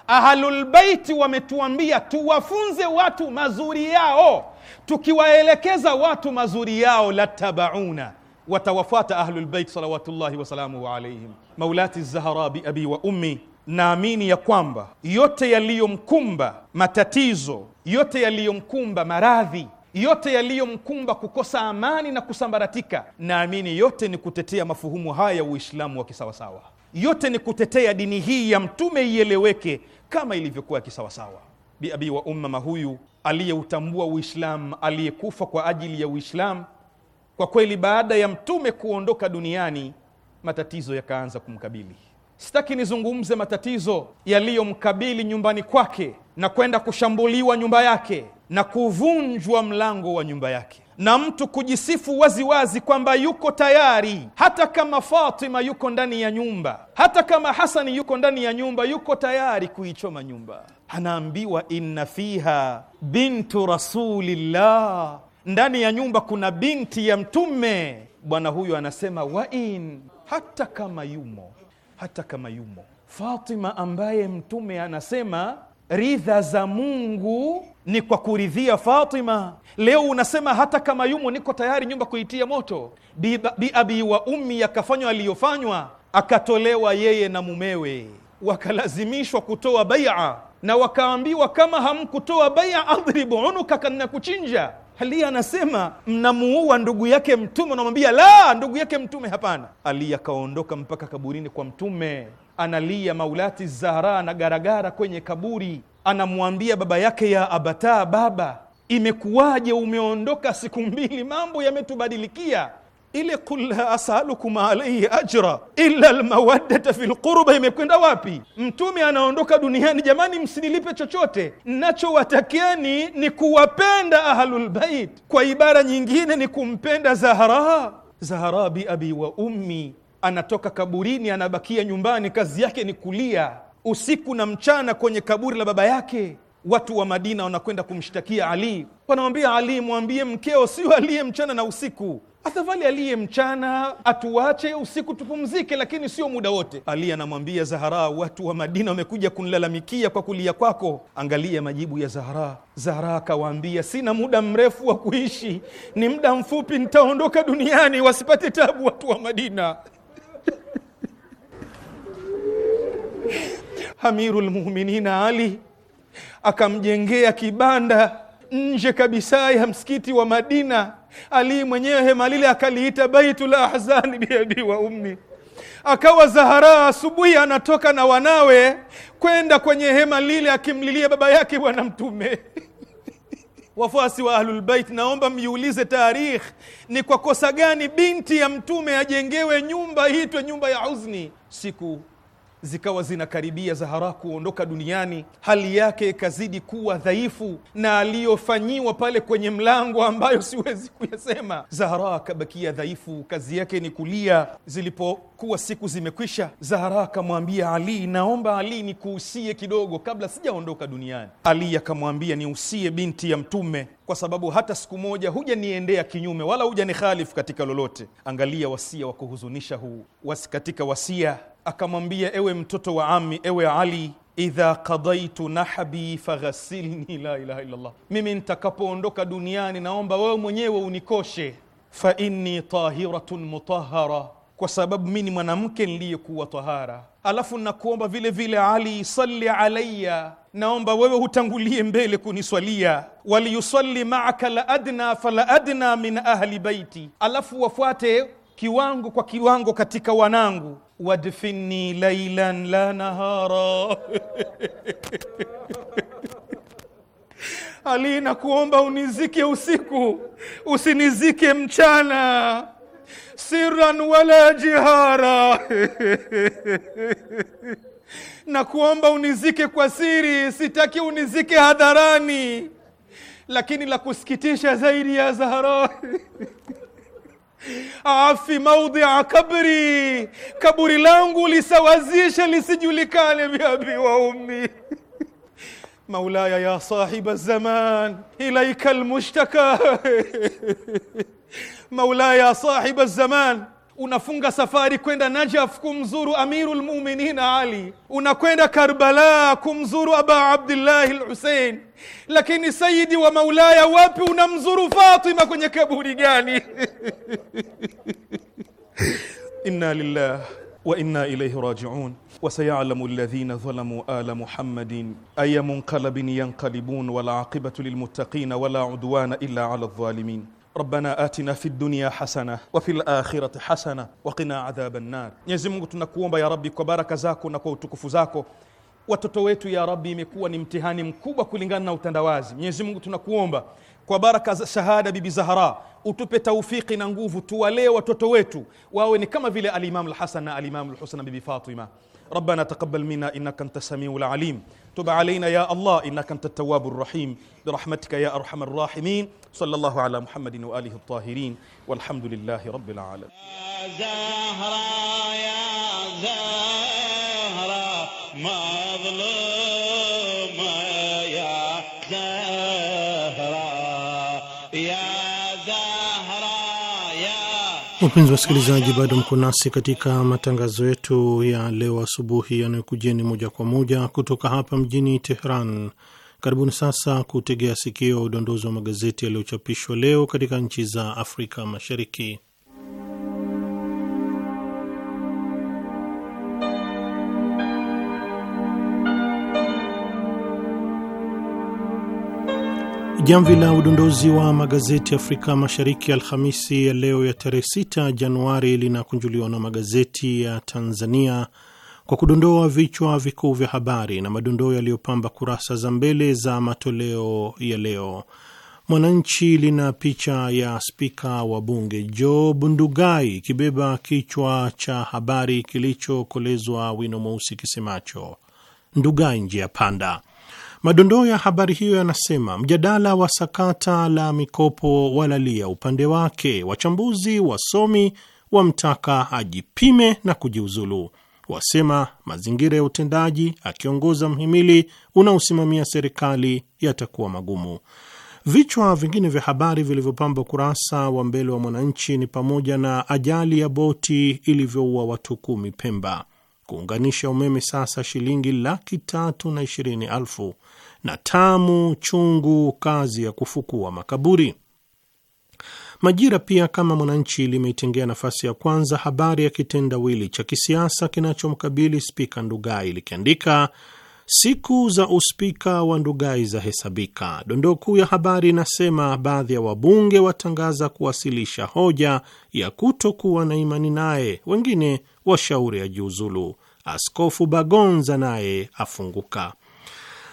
Ahlulbaiti wametuambia tuwafunze watu mazuri yao, tukiwaelekeza watu mazuri yao latabauna watawafuata Ahlulbeit salawatullahi wasalamuhu alaihim. Maulati Zahara bi abi wa ummi, naamini ya kwamba yote yaliyomkumba matatizo, yote yaliyomkumba maradhi yote yaliyomkumba kukosa amani na kusambaratika, naamini yote ni kutetea mafuhumu haya ya Uislamu wa kisawasawa. Yote ni kutetea dini hii ya Mtume ieleweke kama ilivyokuwa ya kisawasawa. Biabi wa umma huyu aliyeutambua Uislamu, aliyekufa kwa ajili ya Uislamu kwa kweli baada ya mtume kuondoka duniani matatizo yakaanza kumkabili. Sitaki nizungumze matatizo yaliyomkabili nyumbani kwake na kwenda kushambuliwa nyumba yake na kuvunjwa mlango wa nyumba yake na mtu kujisifu waziwazi kwamba yuko tayari, hata kama Fatima yuko ndani ya nyumba, hata kama Hasani yuko ndani ya nyumba, yuko tayari kuichoma nyumba. Anaambiwa inna fiha bintu rasulillah ndani ya nyumba kuna binti ya Mtume. Bwana huyu anasema wain, hata kama yumo, hata kama yumo Fatima ambaye Mtume anasema ridha za Mungu ni kwa kuridhia Fatima. Leo unasema hata kama yumo, niko tayari nyumba kuitia moto. Biabi bi wa ummi akafanywa aliyofanywa, akatolewa yeye na mumewe, wakalazimishwa kutoa baia na wakaambiwa, kama hamkutoa baia adhribu unuka, kana kuchinja ali anasema mnamuua ndugu yake mtume, unamwambia la, ndugu yake mtume hapana. Ali akaondoka mpaka kaburini kwa mtume, analia Maulati Zahra na garagara kwenye kaburi, anamwambia baba yake ya Abata, baba, imekuwaje umeondoka siku mbili, mambo yametubadilikia ile kul la asalukum alaihi ajra illa lmawaddata fi lqurba imekwenda wapi? Mtume anaondoka duniani, jamani, msinilipe chochote, nachowatakieni ni kuwapenda ahlulbait. Kwa ibara nyingine ni kumpenda Zahara. Zahara bi abi wa ummi anatoka kaburini, anabakia nyumbani, kazi yake ni kulia usiku na mchana kwenye kaburi la baba yake. Watu wa Madina wanakwenda kumshtakia Ali, wanamwambia Ali, mwambie mkeo sio aliye mchana na usiku afadhali aliye mchana atuache usiku tupumzike, lakini sio muda wote. Ali anamwambia Zahara, watu wa Madina wamekuja kunilalamikia kwa kulia kwako. Angalia majibu ya Zahara. Zahara akawaambia, sina muda mrefu wa kuishi, ni muda mfupi, nitaondoka duniani, wasipate tabu watu wa Madina. Amirul Muminina Ali akamjengea kibanda nje kabisa ya msikiti wa Madina. Ali mwenyewe hema lile akaliita Baitul Ahzani biabi wa ummi. Akawa Zahara asubuhi anatoka na wanawe kwenda kwenye hema lile akimlilia baba yake Bwana Mtume. Wafuasi wa Ahlulbeit, naomba mjiulize, tarikh ni kwa kosa gani binti ya Mtume ajengewe nyumba iitwe nyumba ya huzni siku zikawa zinakaribia Zahara kuondoka duniani, hali yake ikazidi kuwa dhaifu, na aliyofanyiwa pale kwenye mlango ambayo siwezi kuyasema. Zahara akabakia dhaifu, kazi yake ni kulia. Zilipokuwa siku zimekwisha, Zahara akamwambia Ali, naomba Ali nikuusie kidogo kabla sijaondoka duniani. Ali akamwambia, niusie binti ya Mtume, kwa sababu hata siku moja hujaniendea kinyume wala hujanihalifu katika lolote. Angalia wasia wa kuhuzunisha huu wasi katika wasia akamwambia, ewe mtoto wa ami, ewe Ali, idha qadaitu nahbi faghasilni. La ilaha illallah, mimi nitakapoondoka duniani naomba wewe mwenyewe unikoshe. Fa inni tahiratun mutahara, kwa sababu mi ni mwanamke niliyekuwa tahara. Alafu nakuomba vile vile, Ali, salli alaya, naomba wewe hutangulie mbele kuniswalia. Waliyusalli maaka la adna fala adna min ahli baiti, alafu wafuate kiwango kwa kiwango katika wanangu wadfinni lailan la nahara Ali, nakuomba unizike usiku, usinizike mchana, sirran wala jihara nakuomba unizike kwa siri, sitaki unizike hadharani. Lakini la kusikitisha zaidi ya Zahra afi maudhi ya kabri, kaburi langu lisawazishe lisijulikane, wa ummi maulaya ya sahiba zaman ilaika المشتكى maulaya ya sahiba zaman unafunga safari kwenda Najaf kumzuru Amiru lmuminin Ali, unakwenda Karbala kumzuru Aba Abdillahi Lhusein, lakini sayidi wa Maulaya wapi? Unamzuru Fatima kwenye kaburi gani? inna lillah wa inna ilaihi rajiun وسيعلم الذين ظلموا آل محمد أي منقلب ينقلبون والعاقبة للمتقين ولا عدوان إلا على الظالمين Rabbana atina fid dunya hasana wa fil akhirati hasana wa qina adhaban Mwenyezi Mungu tunakuomba ya Rabbi, kwa baraka zako na kwa utukufu zako watoto wetu ya Rabbi, imekuwa ni mtihani mkubwa kulingana na utandawazi. Mwenyezi Mungu tunakuomba kwa baraka za shahada Bibi Zahara utupe taufiki na nguvu, tuwalee watoto wetu wawe ni kama vile Alimamu Lhasan na Alimamu Lhusan na Bibi Fatima. ربنا تقبل منا إنك أنت السميع العليم تب علينا يا الله إنك أنت التواب الرحيم برحمتك يا أرحم الراحمين صلى الله sallallahu ala Muhammadin wa alihi tahirin walhamdulillahi rabbil alamin. Wapenzi wasikilizaji, bado mko nasi katika matangazo yetu ya leo asubuhi yanayokujeni moja kwa moja kutoka hapa mjini Teheran. Karibuni sasa kutegea sikio udondozi wa magazeti yaliyochapishwa leo katika nchi za Afrika Mashariki. Jamvi la udondozi wa magazeti Afrika Mashariki Alhamisi ya leo ya tarehe 6 Januari linakunjuliwa na magazeti ya Tanzania kwa kudondoa vichwa vikuu vya habari na madondoo yaliyopamba kurasa za mbele za matoleo ya leo. Mwananchi lina picha ya spika wa bunge Job Ndugai ikibeba kichwa cha habari kilichokolezwa wino mweusi kisemacho Ndugai njia panda. Madondoo ya habari hiyo yanasema mjadala wa sakata la mikopo walalia upande wake, wachambuzi wasomi wamtaka ajipime na kujiuzulu wasema mazingira ya utendaji akiongoza mhimili unaosimamia serikali yatakuwa magumu. Vichwa vingine vya habari vilivyopamba ukurasa wa mbele wa Mwananchi ni pamoja na ajali ya boti ilivyoua watu kumi Pemba, kuunganisha umeme sasa shilingi laki tatu na ishirini elfu na tamu chungu kazi ya kufukua makaburi. Majira pia kama Mwananchi limeitengea nafasi ya kwanza habari ya kitendawili cha kisiasa kinachomkabili spika Ndugai likiandika siku za uspika wa Ndugai za hesabika. Dondoo kuu ya habari inasema baadhi ya wabunge watangaza kuwasilisha hoja ya kutokuwa na imani naye, wengine washauri ajiuzulu. Askofu Bagonza naye afunguka.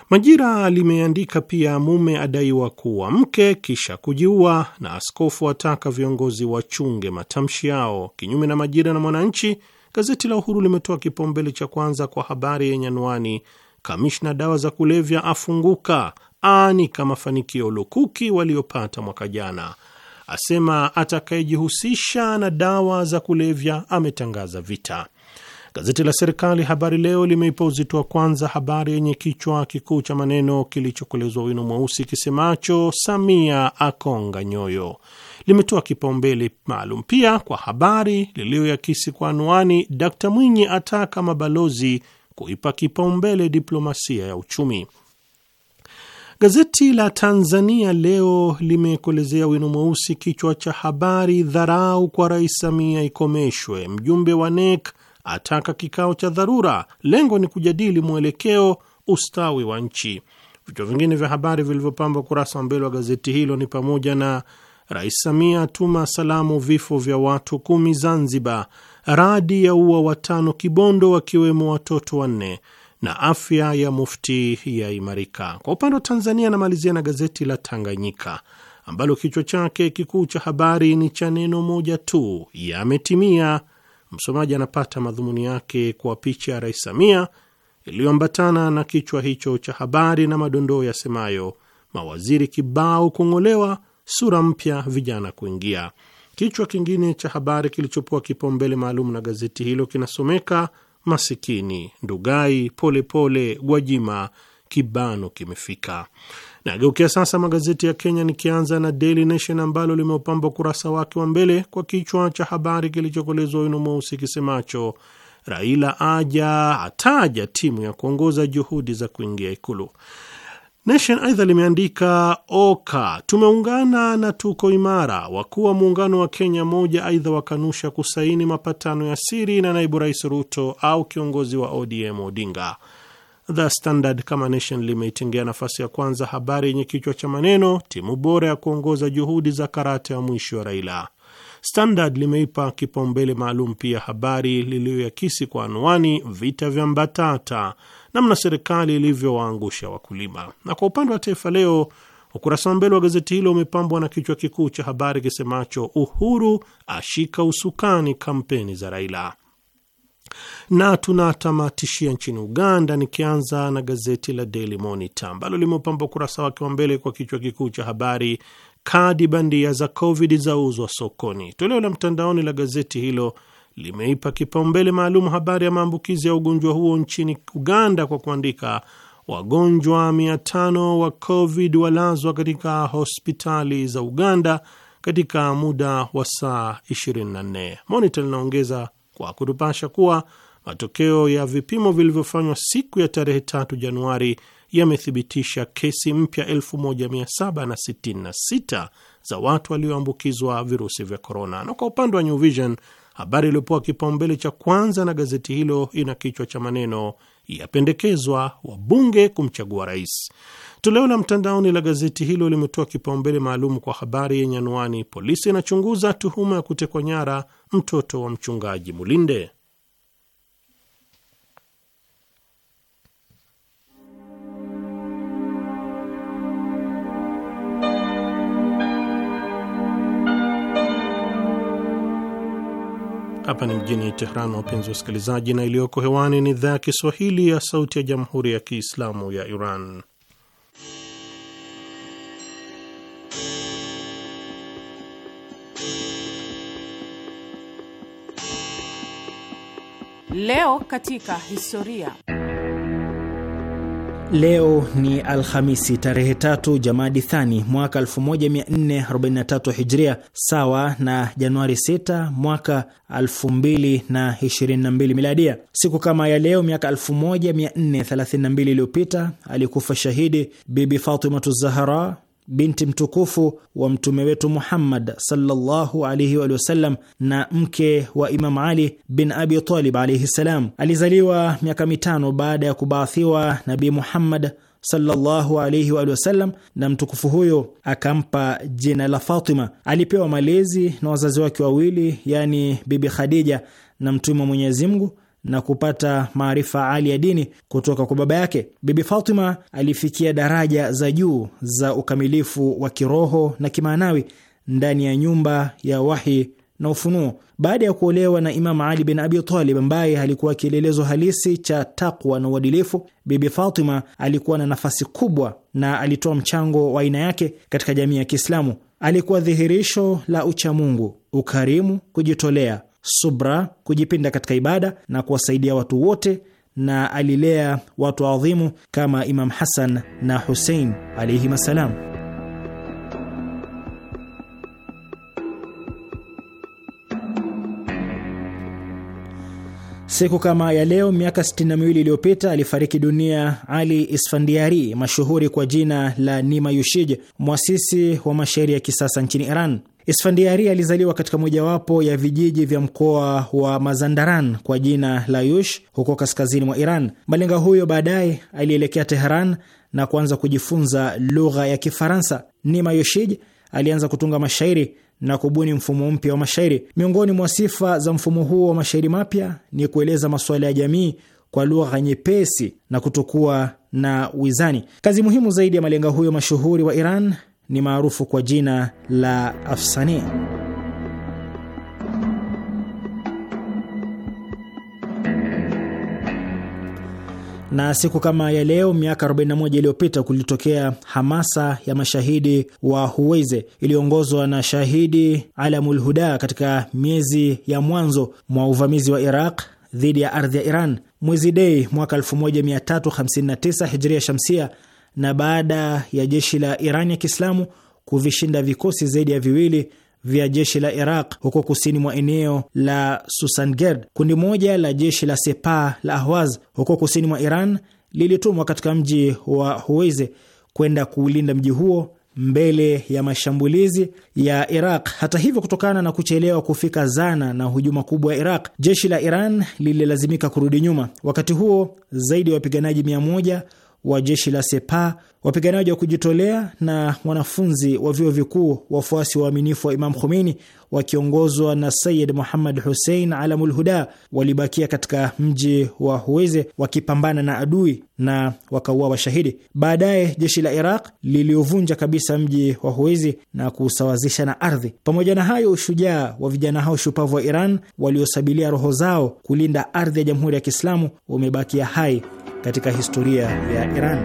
Majira limeandika pia, mume adaiwa kuwa mke kisha kujiua, na askofu ataka viongozi wachunge matamshi yao. Kinyume na Majira na Mwananchi, gazeti la Uhuru limetoa kipaumbele cha kwanza kwa habari yenye anwani kamishna dawa za kulevya afunguka, aanika mafanikio lukuki waliopata mwaka jana, asema atakayejihusisha na dawa za kulevya ametangaza vita. Gazeti la serikali Habari Leo limeipa uzito wa kwanza habari yenye kichwa kikuu cha maneno kilichokolezwa wino mweusi kisemacho Samia akonga nyoyo. Limetoa kipaumbele maalum pia kwa habari liliyoyakisi kwa anwani, Dkt Mwinyi ataka mabalozi kuipa kipaumbele diplomasia ya uchumi. Gazeti la Tanzania Leo limekolezea wino mweusi kichwa cha habari, dharau kwa Rais Samia ikomeshwe, mjumbe wa NEC ataka kikao cha dharura, lengo ni kujadili mwelekeo ustawi wa nchi. Vichwa vingine vya habari vilivyopamba ukurasa wa mbele wa gazeti hilo ni pamoja na Rais Samia atuma salamu vifo vya watu kumi Zanzibar, radi ya ua watano Kibondo wakiwemo watoto wanne, na afya ya Mufti yaimarika. Kwa upande wa Tanzania anamalizia na gazeti la Tanganyika ambalo kichwa chake kikuu cha habari ni cha neno moja tu, yametimia msomaji anapata madhumuni yake kwa picha ya Rais Samia iliyoambatana na kichwa hicho cha habari na madondoo yasemayo mawaziri kibao kung'olewa, sura mpya, vijana kuingia. Kichwa kingine cha habari kilichopewa kipaumbele maalum na gazeti hilo kinasomeka masikini Ndugai, polepole Gwajima, kibano kimefika. Nageukia sasa magazeti ya Kenya, nikianza na Daily Nation ambalo limeupamba ukurasa wake wa mbele kwa kichwa cha habari kilichokolezwa wino mweusi kisemacho Raila aja ataja timu ya kuongoza juhudi za kuingia Ikulu. Nation aidha limeandika oka tumeungana na tuko imara, wakuu wa muungano wa Kenya moja aidha wakanusha kusaini mapatano ya siri na naibu rais Ruto au kiongozi wa ODM Odinga. The Standard kama Nation limeitengea nafasi ya kwanza habari yenye kichwa cha maneno timu bora ya kuongoza juhudi za karata ya mwisho ya Raila. Standard limeipa kipaumbele maalum pia habari liliyoyakisi kwa anwani vita vya mbatata, namna serikali ilivyowaangusha wakulima. Na kwa upande wa Taifa Leo, ukurasa wa mbele wa gazeti hilo umepambwa na kichwa kikuu cha habari kisemacho Uhuru ashika usukani kampeni za Raila na tunatamatishia nchini Uganda, nikianza na gazeti la Daily Monitor ambalo limeupamba ukurasa wake wa mbele kwa kichwa kikuu cha habari, kadi bandia za Covid zauzwa sokoni. Toleo la mtandaoni la gazeti hilo limeipa kipaumbele maalum habari ya maambukizi ya ugonjwa huo nchini Uganda kwa kuandika wagonjwa 5 wa Covid walazwa katika hospitali za Uganda katika muda wa saa 24. Monitor linaongeza kwa kutupasha kuwa matokeo ya vipimo vilivyofanywa siku ya tarehe 3 Januari yamethibitisha kesi mpya 1766 za watu walioambukizwa virusi vya korona. Na kwa upande wa New Vision, habari iliyopewa kipaumbele cha kwanza na gazeti hilo ina kichwa cha maneno yapendekezwa wabunge kumchagua rais. Toleo la mtandaoni la gazeti hilo limetoa kipaumbele maalum kwa habari yenye anwani, polisi inachunguza tuhuma ya kutekwa nyara mtoto wa mchungaji Mulinde. Hapa ni mjini Tehran, wapenzi wasikilizaji, na iliyoko hewani ni idhaa ya Kiswahili ya Sauti ya Jamhuri ya Kiislamu ya Iran. Leo katika historia. Leo ni Alhamisi tarehe tatu Jamadi Thani mwaka 1443 Hijria, sawa na Januari 6 mwaka 2022 Miladia. Siku kama ya leo miaka 1432 iliyopita alikufa shahidi Bibi Fatimatu Zahara binti mtukufu wa mtume wetu Muhammad sallallahu alaihi wa sallam na mke wa Imam Ali bin Abi Talib alaihi salam. Alizaliwa miaka mitano baada ya kubaathiwa Nabi Muhammad sallallahu alaihi wa sallam, na mtukufu huyo akampa jina la Fatima. Alipewa malezi na wazazi wake wawili, yani Bibi Khadija na Mtume wa Mwenyezi Mungu na kupata maarifa ali ya dini kutoka kwa baba yake. Bibi Fatima alifikia daraja za juu za ukamilifu wa kiroho na kimaanawi ndani ya nyumba ya wahi na ufunuo. Baada ya kuolewa na Imamu Ali bin Abi Talib, ambaye alikuwa kielelezo halisi cha takwa na uadilifu, Bibi Fatima alikuwa na nafasi kubwa na alitoa mchango wa aina yake katika jamii ya Kiislamu. Alikuwa dhihirisho la uchamungu, ukarimu, kujitolea subra, kujipinda katika ibada na kuwasaidia watu wote, na alilea watu adhimu kama Imam Hasan na Husein alaihim assalam. Siku kama ya leo miaka 62 iliyopita alifariki dunia Ali Isfandiari, mashuhuri kwa jina la Nima Yushij, mwasisi wa mashairi ya kisasa nchini Iran. Isfandiari alizaliwa katika mojawapo ya vijiji vya mkoa wa Mazandaran kwa jina la Yush huko kaskazini mwa Iran. Malenga huyo baadaye alielekea Teheran na kuanza kujifunza lugha ya Kifaransa. Nima Yushij alianza kutunga mashairi na kubuni mfumo mpya wa mashairi. Miongoni mwa sifa za mfumo huo wa mashairi mapya ni kueleza masuala ya jamii kwa lugha nyepesi na kutokuwa na wizani. Kazi muhimu zaidi ya malenga huyo mashuhuri wa Iran ni maarufu kwa jina la Afsani. Na siku kama ya leo miaka 41 iliyopita kulitokea hamasa ya mashahidi wa huweze iliyoongozwa na shahidi Alamul Huda katika miezi ya mwanzo mwa uvamizi wa Iraq dhidi ya ardhi ya Iran. Mwezi Dei mwaka 1359 Hijria Shamsia na baada ya jeshi la Iran ya Kiislamu kuvishinda vikosi zaidi ya viwili vya jeshi la Iraq huko kusini mwa eneo la Susangerd. Kundi moja la jeshi la Sepa la Ahwaz huko kusini mwa Iran lilitumwa katika mji wa Huweze kwenda kuulinda mji huo mbele ya mashambulizi ya Iraq. Hata hivyo, kutokana na kuchelewa kufika zana na hujuma kubwa ya Iraq, jeshi la Iran lililazimika kurudi nyuma. Wakati huo zaidi ya wapiganaji mia moja wa jeshi la Sepa, wapiganaji wa kujitolea na wanafunzi wa vyuo vikuu, wafuasi waaminifu wa Imam Khomeini wakiongozwa na Sayid Muhammad Hussein Alamul Huda walibakia katika mji wa Huweze wakipambana na adui na wakaua washahidi. Baadaye jeshi la Iraq liliovunja kabisa mji wa Huwezi na kuusawazisha na ardhi. Pamoja na hayo, ushujaa wa vijana hao shupavu wa Iran waliosabilia roho zao kulinda ardhi ya Jamhuri ya Kiislamu umebakia hai katika historia ya Iran.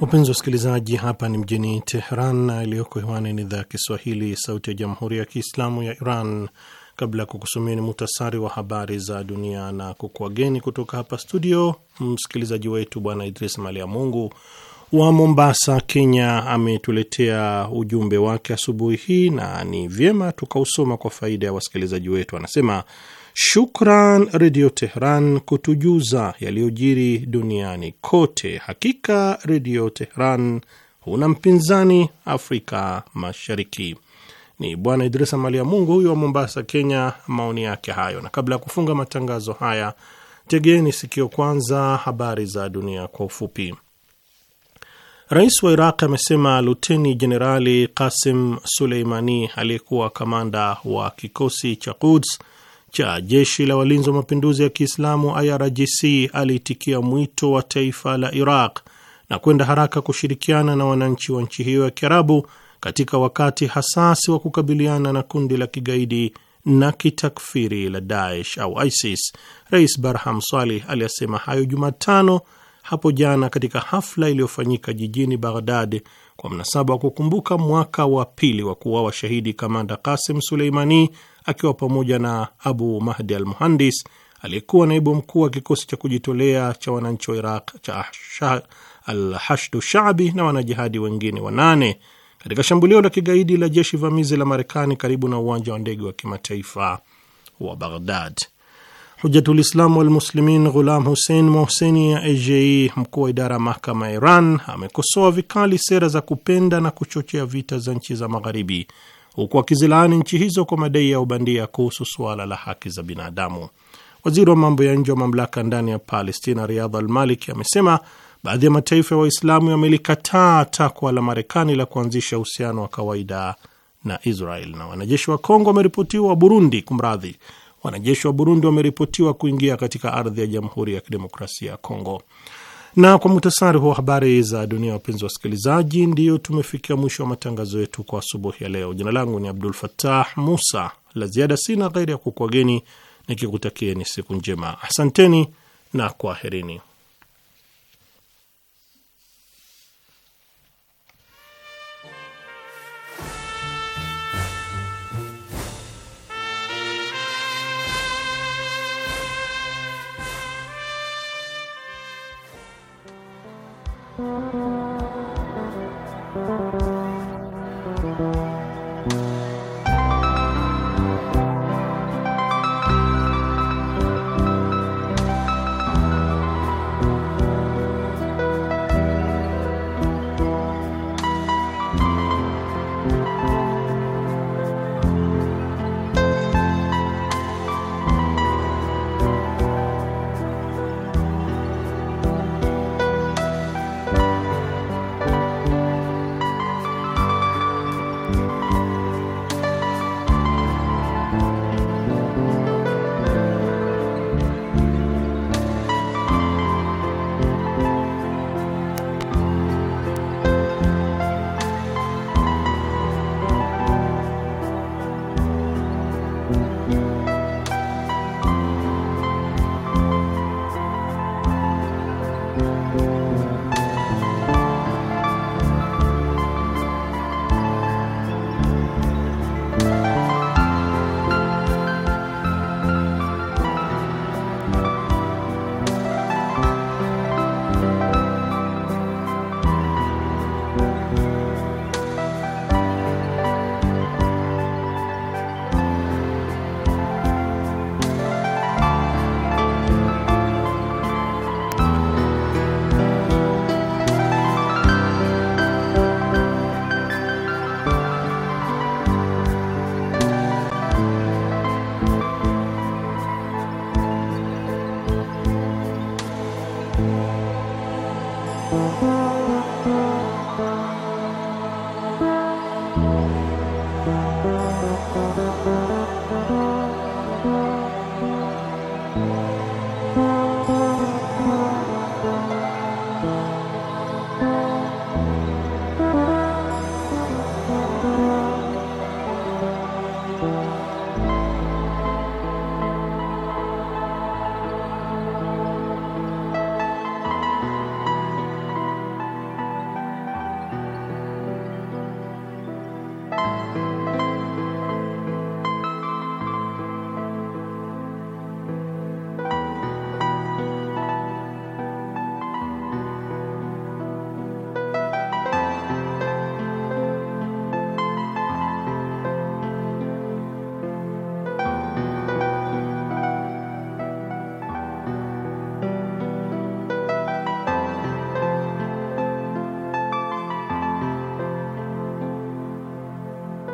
Wapenzi wa wasikilizaji, hapa ni mjini Teheran na iliyoko hewani ni idhaa ya Kiswahili, sauti ya jamhuri ya kiislamu ya Iran. Kabla ya kukusomia ni muhtasari wa habari za dunia na kukuageni kutoka hapa studio, msikilizaji wetu Bwana Idris malia Mungu wa Mombasa, Kenya, ametuletea ujumbe wake asubuhi hii na ni vyema tukausoma kwa faida ya wasikilizaji wetu. Anasema shukran Redio Tehran kutujuza yaliyojiri duniani kote. Hakika Redio Tehran huna mpinzani Afrika Mashariki. Ni Bwana Idrisa Malia Mungu huyu wa Mombasa, Kenya, maoni yake hayo. Na kabla ya kufunga matangazo haya, tegeni sikio kwanza habari za dunia kwa ufupi. Rais wa Iraq amesema Luteni Jenerali Qasim Suleimani aliyekuwa kamanda wa kikosi cha Quds cha jeshi la walinzi wa mapinduzi ya Kiislamu IRGC aliitikia mwito wa taifa la Iraq na kwenda haraka kushirikiana na wananchi wa nchi hiyo ya Kiarabu katika wakati hasasi wa kukabiliana na kundi la kigaidi na kitakfiri la Daesh au ISIS. Rais Barham Salih aliyasema hayo Jumatano hapo jana katika hafla iliyofanyika jijini Baghdad kwa mnasaba wa kukumbuka mwaka wa pili wa kuuawa shahidi kamanda kasim Suleimani akiwa pamoja na Abu Mahdi al Muhandis aliyekuwa naibu mkuu wa kikosi cha kujitolea cha wananchi wa Iraq cha Alhashdu Shabi na wanajihadi wengine wanane katika shambulio la kigaidi la jeshi vamizi la Marekani karibu na uwanja wa ndege wa kimataifa wa Baghdad. Hujatulislamu Walmuslimin Ghulam Hussein Mohseni ya Ejei, mkuu wa idara ya mahakama ya Iran, amekosoa vikali sera za kupenda na kuchochea vita za nchi za Magharibi, huku akizilaani nchi hizo kwa madai ya ubandia kuhusu suala la haki za binadamu. Waziri wa mambo ya nje wa mamlaka ndani ya Palestina Riyadh Almaliki amesema baadhi ya mataifa ya Waislamu yamelikataa takwa la Marekani la kuanzisha uhusiano wa kawaida na Israel, na wanajeshi wa Kongo wameripotiwa Burundi, kumradhi Wanajeshi wa Burundi wameripotiwa kuingia katika ardhi ya Jamhuri ya Kidemokrasia ya Kongo. Na kwa muhtasari huwa habari za dunia, wapenzi wa wasikilizaji, ndiyo tumefikia mwisho wa matangazo yetu kwa asubuhi ya leo. Jina langu ni Abdul fatah Musa. La ziada sina, ghairi ya kukwageni nikikutakieni siku njema. Asanteni na kwaherini.